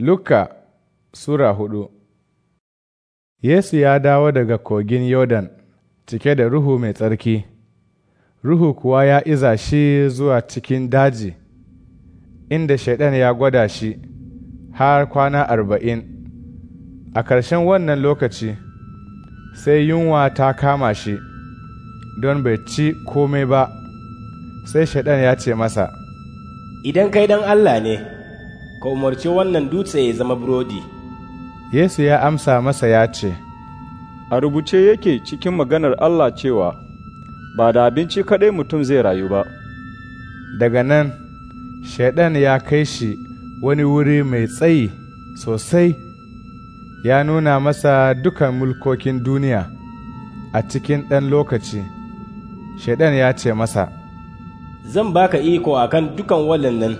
Luka Sura hudu Yesu ya dawo daga kogin Yodan cike da Ruhu mai tsarki, Ruhu kuwa ya iza shi zuwa cikin daji, inda Shaiɗan ya gwada shi har kwana arba'in. A ƙarshen wannan lokaci, sai yunwa ta kama shi, don bai ci komai ba, sai Shaiɗan ya ce masa, Idan kai dan Allah ne, ka umarci wannan dutse ya zama burodi. Yesu ya amsa masa ya ce, A rubuce yake cikin maganar Allah cewa, Ba da abinci kaɗai mutum zai rayu ba. Daga nan, Shaiɗan ya kai shi wani wuri mai tsayi sosai, ya nuna masa dukan mulkokin duniya a cikin ɗan lokaci. Shaiɗan ya ce masa, Zan baka iko akan dukan wallan nan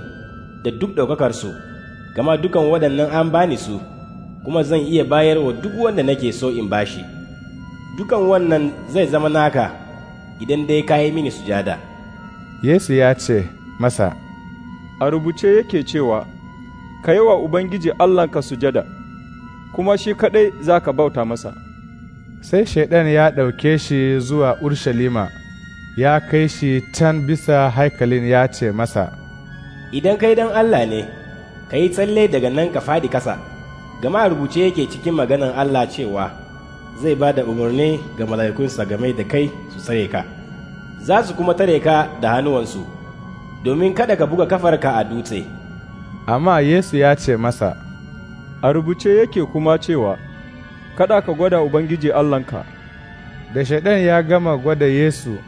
da duk ɗaukakarsu. gama dukan waɗannan an bani su kuma zan iya bayar wa duk wanda nake so in bashi dukan wannan zai zama naka idan dai ka yi mini sujada yesu ya ce masa a rubuce yake cewa ka yi wa ubangiji ka sujada kuma shi kaɗai za ka bauta masa sai shaiɗan ya ɗauke shi zuwa urshalima ya kai shi can bisa haikalin ya ce masa idan kai dan allah ne ka yi tsalle daga nan ka fadi kasa gama rubuce yake cikin maganan Allah cewa zai ba da umarni ga mala'ikunsa game da kai su tsare ka za su kuma tare ka da hannuwansu domin kada ka buga kafarka a dutse amma Yesu ya ce masa a rubuce yake kuma cewa kada ka gwada Ubangiji Allahnka da shaɗan ya gama gwada Yesu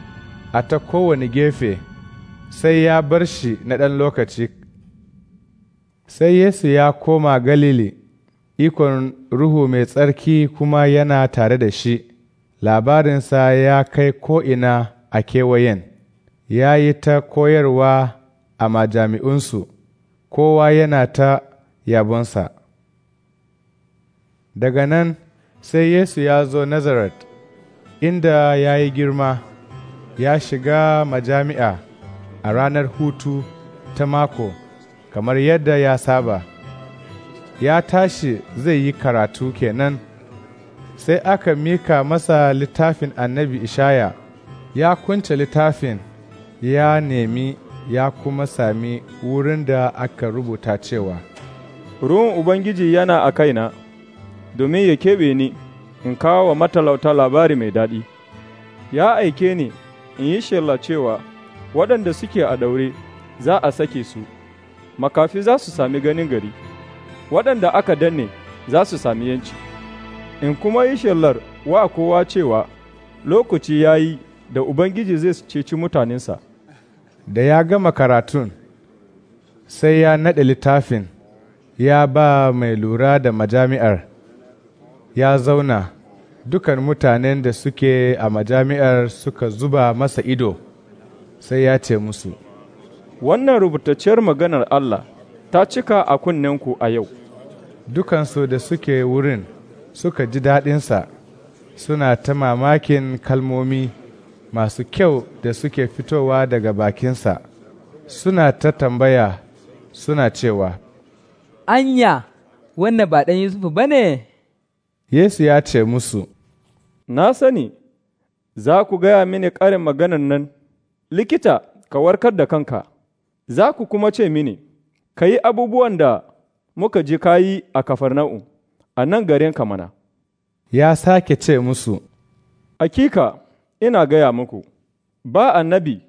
a ta kowane gefe sai ya bar shi na ɗan lokaci Sai Yesu ya koma Galili, ikon Ruhu Mai Tsarki kuma yana tare da shi, labarinsa ya kai ko'ina a kewayen, ya yi ta koyarwa a majami'unsu, kowa yana ta yabonsa. Daga nan sai Yesu ya zo Nazaret, inda ya yi girma, ya shiga majami'a a ranar hutu ta mako. kamar yadda ya saba, ya tashi zai yi karatu kenan, sai aka mika masa littafin annabi Ishaya, ya kunce littafin ya nemi ya kuma sami wurin da aka rubuta cewa, Ruhun Ubangiji yana a kaina, domin ya keɓe ni in kawo wa matalauta labari mai daɗi, ya aike ni in yi shela cewa waɗanda suke a daure za a sake su. makafi za su sami ganin gari, waɗanda aka danne za su sami yanci. In kuma yi shelar wa kowa cewa lokaci ya yi da Ubangiji zai ceci mutanensa. Da ya gama karatun, sai ya naɗa littafin, ya ba mai lura da majami'ar, ya zauna, dukan mutanen da suke a majami'ar suka zuba masa ido, sai ya ce musu. wannan rubutacciyar maganar Allah ta cika a kunnenku a yau. Dukansu da suke wurin suka ji daɗinsa suna ta mamakin kalmomi masu kyau da suke fitowa daga bakinsa suna ta tambaya suna cewa, Anya, wannan ba ɗan Yusufu ba ne? Yesu ya ce musu, Na sani, za ku gaya mini ƙarin maganar nan, likita, ka warkar da kanka. za ku kuma ce mini, Ka yi abubuwan da muka ji ka yi a Kafarna'u, a nan garin mana. Ya sake ce musu, Akika, ina gaya muku, ba annabi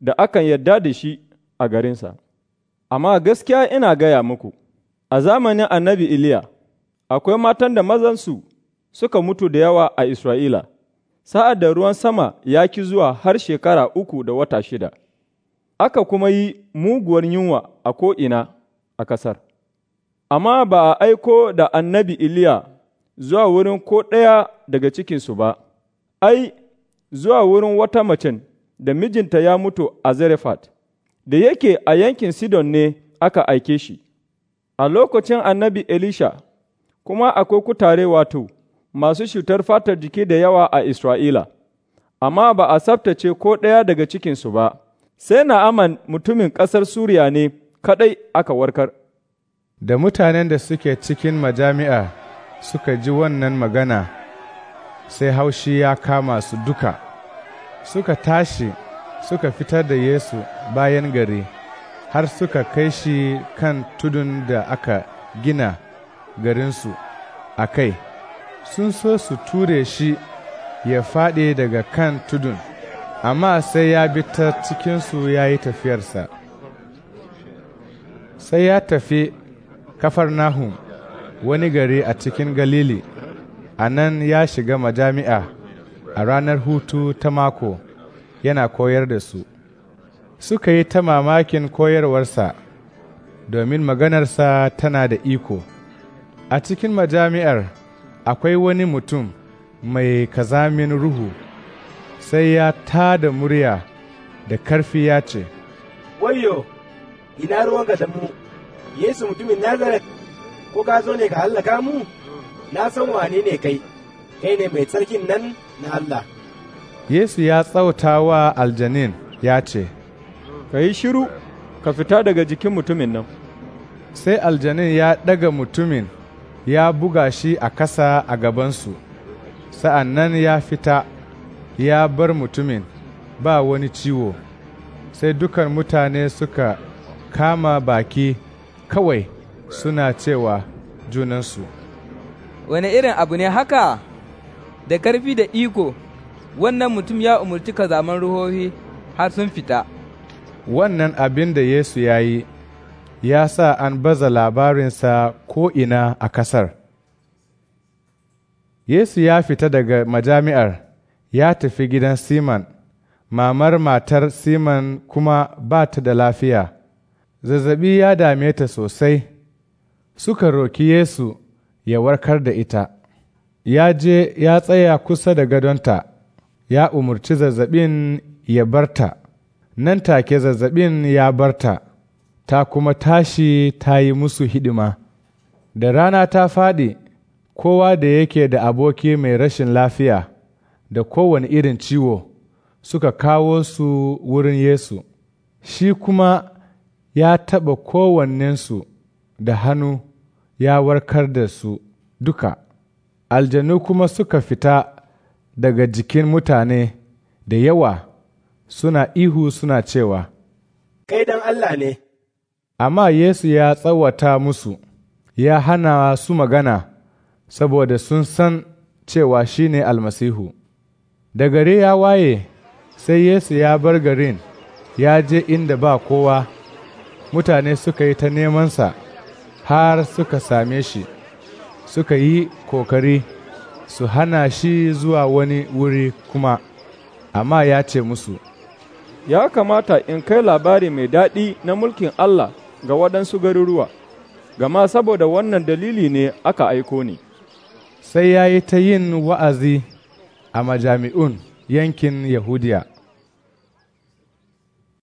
da akan yarda da shi a garinsa, amma gaskiya ina gaya muku, a zamanin annabi Iliya, akwai matan da mazansu suka mutu da yawa a Isra'ila, sa'ad da ruwan sama ya ki zuwa har shekara uku da wata shida. aka kuma yi muguwar yunwa a ko'ina a ƙasar. Amma ba a aiko da annabi Iliya zuwa wurin ko ɗaya daga cikinsu ba, ai, zuwa wurin wata macen da mijinta ya mutu a Zarefat, da yake a yankin Sidon ne aka aike shi. A lokacin annabi Elisha, kuma akwai kutare wato masu cutar fatar jiki da yawa a Isra'ila, amma ba a tsaftace ko ɗaya daga cikinsu ba. sai na'aman mutumin ƙasar Suriya ne kaɗai aka warkar. Da mutanen da suke cikin majami'a suka ji wannan magana, sai haushi ya kama su duka, suka tashi suka fitar da Yesu bayan gari, har suka kai shi kan tudun da aka gina garinsu a kai, sun so su ture shi ya faɗi daga kan tudun. amma sai ya bi ta cikinsu ya yi tafiyarsa sai ya tafi kafar nahu wani gari a cikin galili a nan ya shiga majami'a a ranar hutu ta mako yana koyar da su suka yi ta mamakin koyarwarsa domin maganarsa tana da iko a cikin majami'ar akwai wani mutum mai kazamin ruhu sai ya tā da murya da karfi ya ce, Wayo, ina ruwan da mu, Yesu mutumin Nazaret, ko ka zo ne ka hallaka mu? Na san wane ne kai, kai ne mai tsarkin nan na Allah. Yesu ya tsauta wa aljanin ya ce, Ka yi shiru, ka fita daga jikin mutumin nan. Sai aljanin ya ɗaga mutumin ya buga shi a kasa a gabansu, sa'an nan ya fita. ya bar mutumin ba wani ciwo, sai dukan mutane suka kama baki kawai suna cewa junansu. Wani irin abu ne haka? Da ƙarfi da iko, wannan mutum ya umarci kazaman ruhohi har sun fita. Wannan abin da Yesu ya yi, ya sa an baza labarinsa ko'ina a ƙasar. Yesu ya fita daga majami'ar. ya tafi gidan Siman, mamar matar Siman kuma ba ta da lafiya, zazzaɓi ya dame ta sosai, suka roki Yesu ya warkar da ita. Ya je ya tsaya kusa da gadonta, ya umarci zazzabin ya barta, nan take zazzaɓin ya barta, ta kuma tashi ta yi musu hidima. Da rana ta faɗi, kowa da yake da aboki mai rashin lafiya. da kowane irin ciwo suka kawo su wurin Yesu, shi kuma ya taɓa kowannensu da hannu ya warkar da su duka, aljanu kuma suka fita daga jikin mutane da yawa suna ihu suna cewa, Kai dan Allah ne! Amma Yesu ya tsawata musu, ya hana su magana, saboda sun san cewa shi ne almasihu. Da gari ya waye sai Yesu ya bar garin ya je inda ba kowa mutane suka yi ta nemansa har suka same shi suka yi kokari su hana shi zuwa wani wuri kuma amma ya ce musu ya kamata in kai labari mai daɗi na mulkin Allah ga waɗansu garuruwa gama saboda wannan dalili ne aka aiko ni sai ya yi ta yin wa'azi a majami'un yankin Yahudiya.